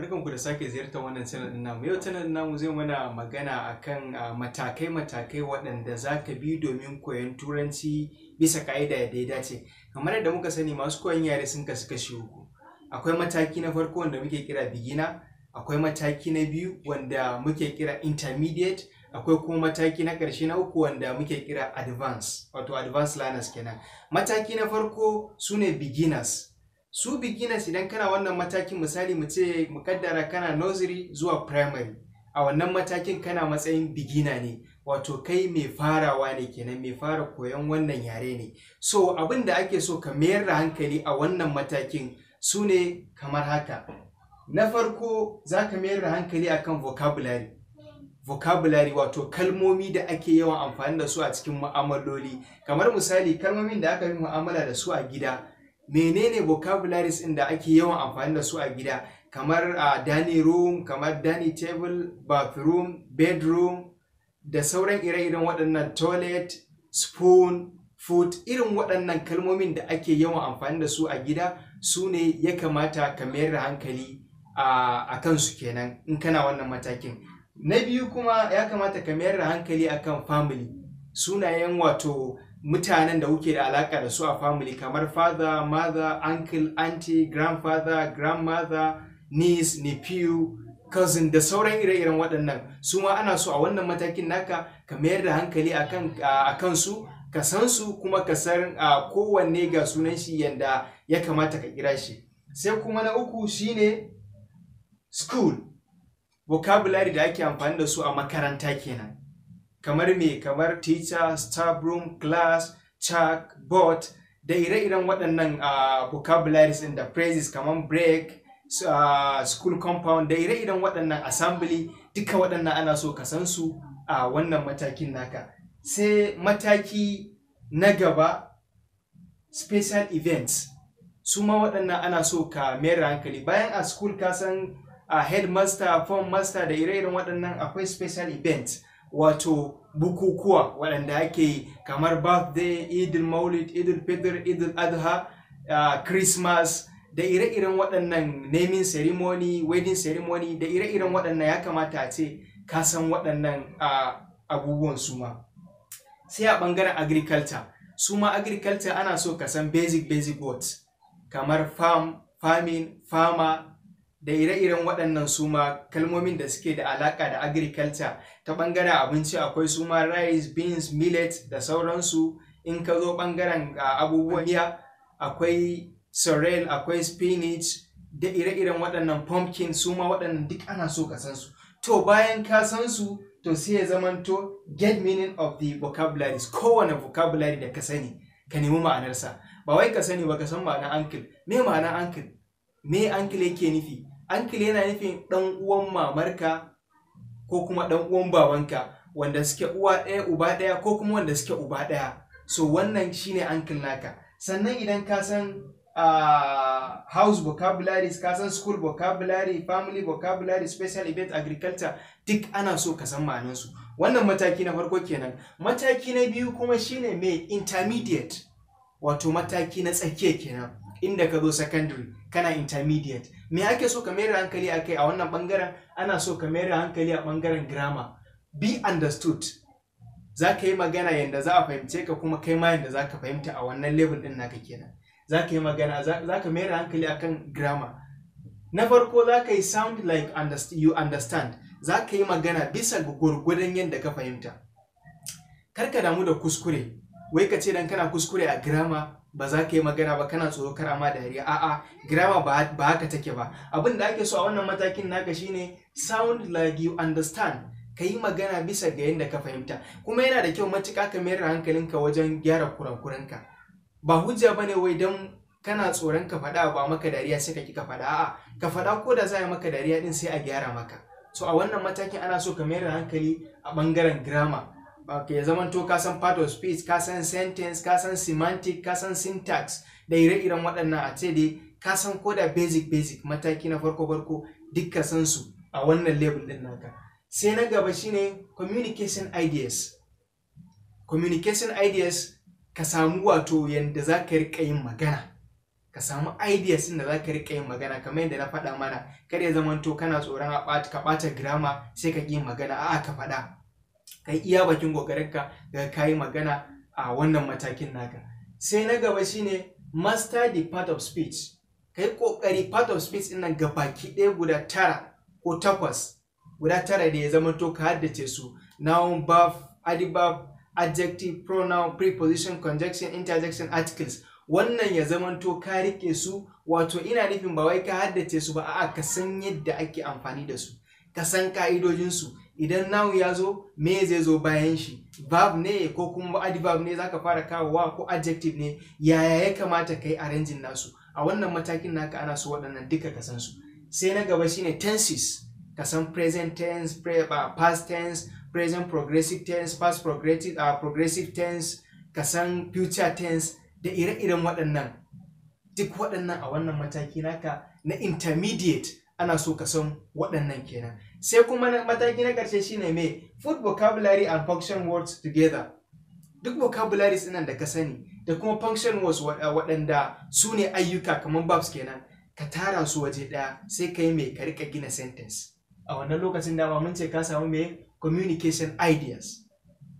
barkanku da sake ziyartar wannan channel din namu yau channel namu zai mana magana akan ah, matakai-matakai waɗanda za ka bi domin koyon turanci bisa ka'ida da ya dace kamar yadda muka sani masu koyon yare sun kasu kashi uku akwai mataki na farko wanda muke kira beginner akwai mataki na biyu wanda muke kira intermediate akwai kuma mataki na ƙarshe na uku wanda muke kira advance wato advanced learners kenan mataki na farko sune ne beginners su beginners idan kana wannan matakin misali mu ce mukaddara kana nursery zuwa primary a wannan matakin kana matsayin beginner ne wato kai mai farawa ne kenan mai fara koyon wannan yare ne so abin da ake so ka mayar da hankali a wannan matakin su ne kamar haka na farko za ka mayar da hankali akan vocabulary vocabulary wato kalmomi da ake yawan amfani da su a cikin ma'amaloli, kamar misali kalmomin da aka yi mu'amala da su a gida menene vocabularies ɗin da ake yawan amfani da su a gida kamar a dining room kamar dining table bathroom bedroom da sauran ire-iren waɗannan toilet spoon foot? irin waɗannan kalmomin da ake yawan amfani da su a gida su ne ya kamata ka mayar da hankali a kansu kenan in kana wannan matakin na biyu kuma ya kamata ka mayar da hankali akan family sunayen wato mutanen da kuke da alaka da su a family kamar father mother uncle auntie grandfather grandmother niece nephew cousin da sauran ire-iren waɗannan su ma ana so a wannan matakin naka ka mayar da hankali a kansu ka san su kuma ka san kowanne ga sunan shi yadda ya kamata ka kira shi sai kuma na uku shine school vocabulary da ake amfani da su a makaranta kenan kamar me kamar teacher staff room class chalk board da ire-iren waɗannan uh, vocabularies in da phrases kamar break uh, school compound da ire-iren waɗannan assembly duka waɗannan ana so ka san su a uh, wannan matakin naka sai mataki na gaba special events su ma waɗannan ana so ka mayar hankali bayan a school ka san a headmaster form master da ire-iren waɗannan akwai special events wato bukukuwa waɗanda ake yi kamar birthday idil maulid idil fitr idil adha uh, christmas da ire-iren waɗannan naming ceremony wedding ceremony da ire-iren waɗannan ya kamata a ce ka san waɗannan abubuwan su ma sai a ɓangaren agriculture su ma agriculture ana so ka san basic basic words kamar farm farming farmer da ire-iren waɗannan suma kalmomin da suke da alaƙa da agriculture ta ɓangaren abinci akwai suma rice beans millet da sauransu in ka zo ɓangaren abubuwan miya akwai sorrel akwai spinach da ire-iren waɗannan pumpkin suma waɗannan duk ana so ka san su to bayan ka san su to sai ya zamanto get meaning of the vocabularies kowane vocabulary da ka sani ka nemi ma'anarsa ba wai ka sani ba ka san ma'anar uncle me ma'anar uncle me uncle yake nufi ankil yana nufin ɗan uwan mamarka ko kuma ɗan uwan babanka wanda suke uwa ɗaya uba ɗaya ko kuma wanda suke uba ɗaya so wannan shine uncle naka sannan idan ka san uh, house vocabularies ka san school vocabulary family vocabulary special event agriculture duk ana so ka san ma'anansu wannan mataki na farko kenan mataki na biyu kuma shine mai intermediate wato mataki na tsakiya kenan inda ka zo secondary kana intermediate me ake so ka mayar hankali a kai a wannan bangaren ana so ka mayar hankali a bangaren grammar be understood za ka yi magana yadda za a fahimce ka kuma kai ma yadda za ka fahimta a wannan level din naka kenan za ka yi magana za ka mayar hankali a kan grammar na farko za ka yi sound like you understand za ka yi magana bisa ga gwargwadon yadda ka fahimta Kar ka damu da kuskure wai ka ce dan kana kuskure a girama ba za ka yi magana ba kana tsoro kara ma dariya a girama ba haka take ba abin da ake so a wannan matakin naka shine sound like you understand ka yi magana bisa ga yadda ka fahimta kuma yana da kyau matuƙa ka mayar da hankalinka wajen gyara kurakuranka ba hujja ba ne wai dan kana tsoron ka faɗa ba maka dariya sai ka ki ka faɗa a'a ka faɗa ko da za a yi maka dariya din sai a gyara maka To a wannan matakin ana so ka mayar da hankali a ɓangaren girama ya zaman to ka san part of speech ka san sentence ka san semantic ka san syntax da ire-iren waɗannan a ce dai ka san koda basic basic mataki na farko farko dukka san su a wannan level ɗin naka sai na gaba shine communication ideas communication ideas ka samu wato yanda za ka riƙa yin magana ka samu ideas din da za ka riƙa yin magana kamar yadda na faɗa mana kar ya to kana tsoron ka ɓata grammar sai ka ƙi magana a'a ka faɗa kai iya bakin gogarinka ga kayi magana a wannan matakin naka sai na gaba shine master the part of speech kai kokari part of speech din nan ki ɗaya guda tara ko takwas guda tara da ya zama to ka haddace su noun verb adverb adjective pronoun preposition conjunction interjection articles wannan ya zamanto ka rike su wato ina nufin ba wai ka haddace su ba a'a ka san yadda ake amfani da su ka san ka'idojinsu idan nau ya zo me zai zo bayan shi verb ne ko kuma adverb ne zaka fara kawowa ko adjective ne yaya ya kamata kai arrangin nasu a wannan matakin naka ana so waɗannan duka ka san su sai na gaba shine tenses ka san present tense pre, uh, past tense present progressive tense past progressive, uh, progressive tense ka san future tense da ire-iren waɗannan duk waɗannan a wannan mataki naka na intermediate ana so ka san waɗannan kenan sai kuma mataki na ƙarshe shine me food vocabulary and function words together duk vocabularies ɗinan da ka sani da kuma function words waɗanda su ne ayyuka kamar babs kenan ka tara su waje ɗaya sai ka yi mai ka rika gina sentence a wannan lokacin dama mun ce ka samu mai communication ideas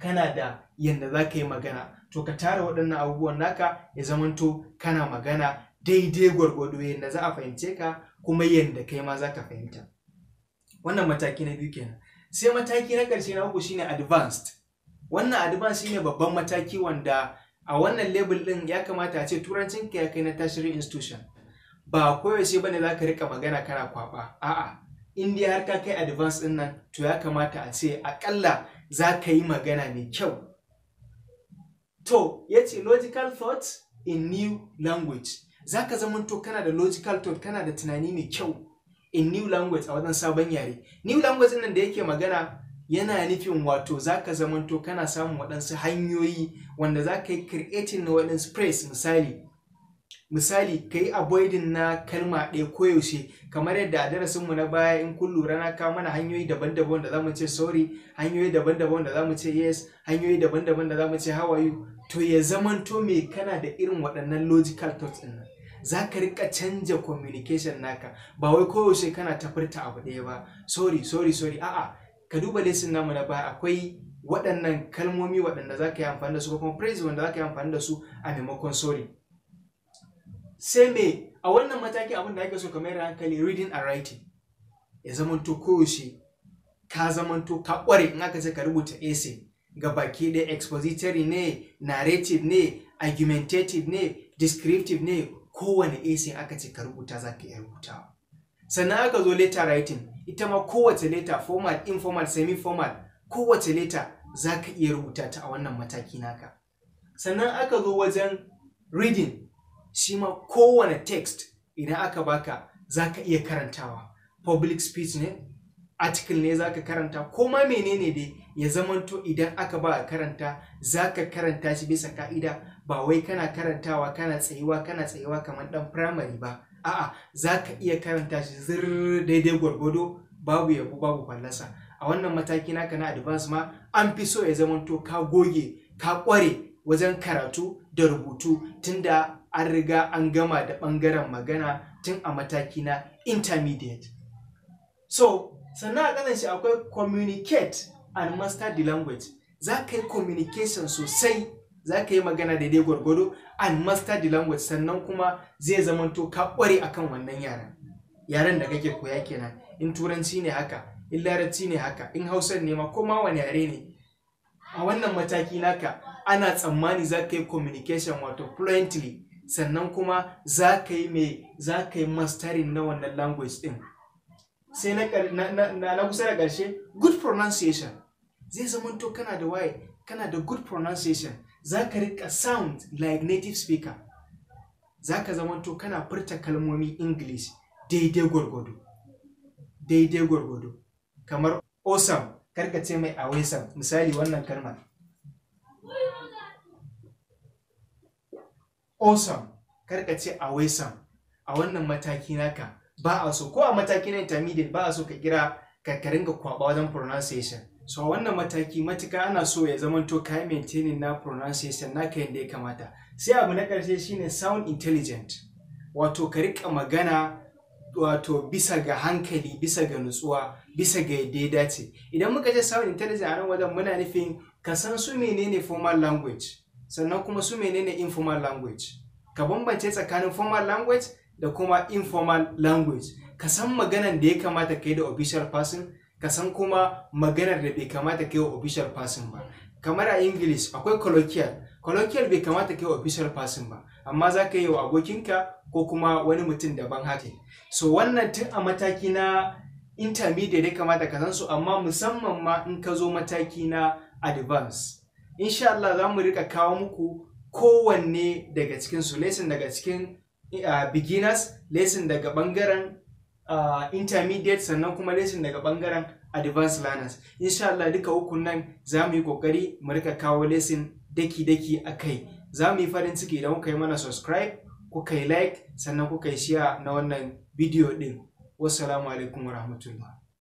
kana da yadda za ka yi magana to ka tara waɗannan abubuwan naka ya zamanto kana magana daidai gwargwado yadda za a fahimce ka kuma yadda kai ma za ka fahimta wannan mataki na biyu kenan sai mataki na ƙarshe na uku shine advanced wannan advanced shine babban mataki wanda a wannan label din ya kamata a ce turancin ka ya kai na tertiary institution ba koyaushe bane za ka rika magana kana kwaba a'a in dai har ka kai advanced din nan to ya kamata a ce akalla za ka yi magana mai kyau to ya ce logical thoughts in new language za ka zamanto kana da logical thought kana da tunani mai kyau in new language a wajen sabon yare new language nan da yake magana yana nufin wato za ka zamanto kana samun waɗansu hanyoyi wanda za ka yi creating na waɗansu phrase misali misali ka yi avoiding na kalma ɗaya koyaushe kamar yadda a darasinmu na baya in kun lura na kawo mana hanyoyi daban-daban da za mu ce sorry hanyoyi daban-daban da za mu ce yes hanyoyi daban-daban da za mu ce how to ya zamanto me kana da irin waɗannan logical thoughts ɗin nan za ka rika canja communication naka ba wai koyaushe kana tafarta abu ɗaya ba sorry sorry sorry a'a ka duba lesson namu na baya akwai waɗannan kalmomi waɗanda za ka yi amfani da su ko kuma phrase wanda za ka yi amfani da su a maimakon sorry sai me a wannan matakin abin da ake so ka mayar hankali reading and writing ya zamanto koyaushe ka zamanto ka kware in aka ce ka rubuta essay ga baki ɗaya expository ne narrative ne argumentative ne descriptive ne kowane essay aka ce ka rubuta za ka iya rubuta. sannan aka zo letter writing ita ma kowace letter formal informal semi formal kowace letter za ka iya rubuta ta a wannan mataki naka sannan aka zo wajen reading shi ma kowane text idan aka baka za ka iya karantawa public speech ne article ne za ka karanta ko ma menene dai ya zamanto idan aka ba karanta za ka karanta shi bisa ka'ida ba wai kana karantawa kana tsayuwa kana tsayuwa kamar dan primary ba a'a za ka iya karanta shi zir daidai gwargwado babu yabo babu fallasa a wannan mataki naka na advance ma an fi so ya zamanto ka goge ka kware wajen karatu da rubutu tunda an riga an gama da ɓangaren magana tun a mataki na intermediate so sannan a ƙasan shi akwai communicate and master the language za ka yi communication sosai za ka yi magana daidai gwargwado and master the language sannan kuma zai zamanto ka ƙware kan wannan yaran yaren da kake koya kenan in turanci ne haka in larabci ne haka in hausa ne ma ko ma wani yare ne a wannan mataki naka ana tsammani za ka yi communication wato fluently sannan kuma za ka yi mai za ka yi mastarin na wannan language din sai na kusa da ƙarshe good pronunciation zai zama kana da waye kana da good pronunciation za ka rika sound like native speaker za ka zama kana furta kalmomi english daidai gwargwado daidai gwargwado kamar awesome karkace ce mai awesome misali wannan kalmar awesome kar ka ce awesome a wannan mataki naka ba a so ko a mataki na intermediate ba a so ka kira ka ga kwaba wajen pronunciation so a wannan mataki matuka ana so ya zama to ka maintaining na pronunciation naka yadda ya kamata sai abu na karshe shine sound intelligent wato ka rika magana wato bisa ga hankali bisa ga nutsuwa bisa ga yadda ya dace idan muka ce sound intelligent a nan wajen muna nufin ka san su menene formal language sannan kuma su menene informal language ka bambance tsakanin formal language da kuma informal language ka san maganar da ya kamata ka yi da official person ka san kuma maganar da bai kamata ka yi wa official person ba kamar a english akwai colloquial colloquial bai kamata ka yi wa official person ba amma za ka yi wa abokinka ko kuma wani mutum daban haka so wannan tun a mataki na intermediate ya kamata ka san su amma musamman ma in ka zo mataki na advance insha Allah za mu rika kawo muku kowanne daga cikin su lesson daga cikin uh, beginners lesson daga bangaren uh, intermediate sannan kuma lesson daga bangaren advanced learners insha Allah duka ukun nan za mu yi kokari mu rika kawo lesson daki-daki a kai za mu yi farin ciki idan kuka yi mana subscribe kuka yi like sannan kuka yi share na wannan bidiyo din wassalamu alaikum warahmatullahi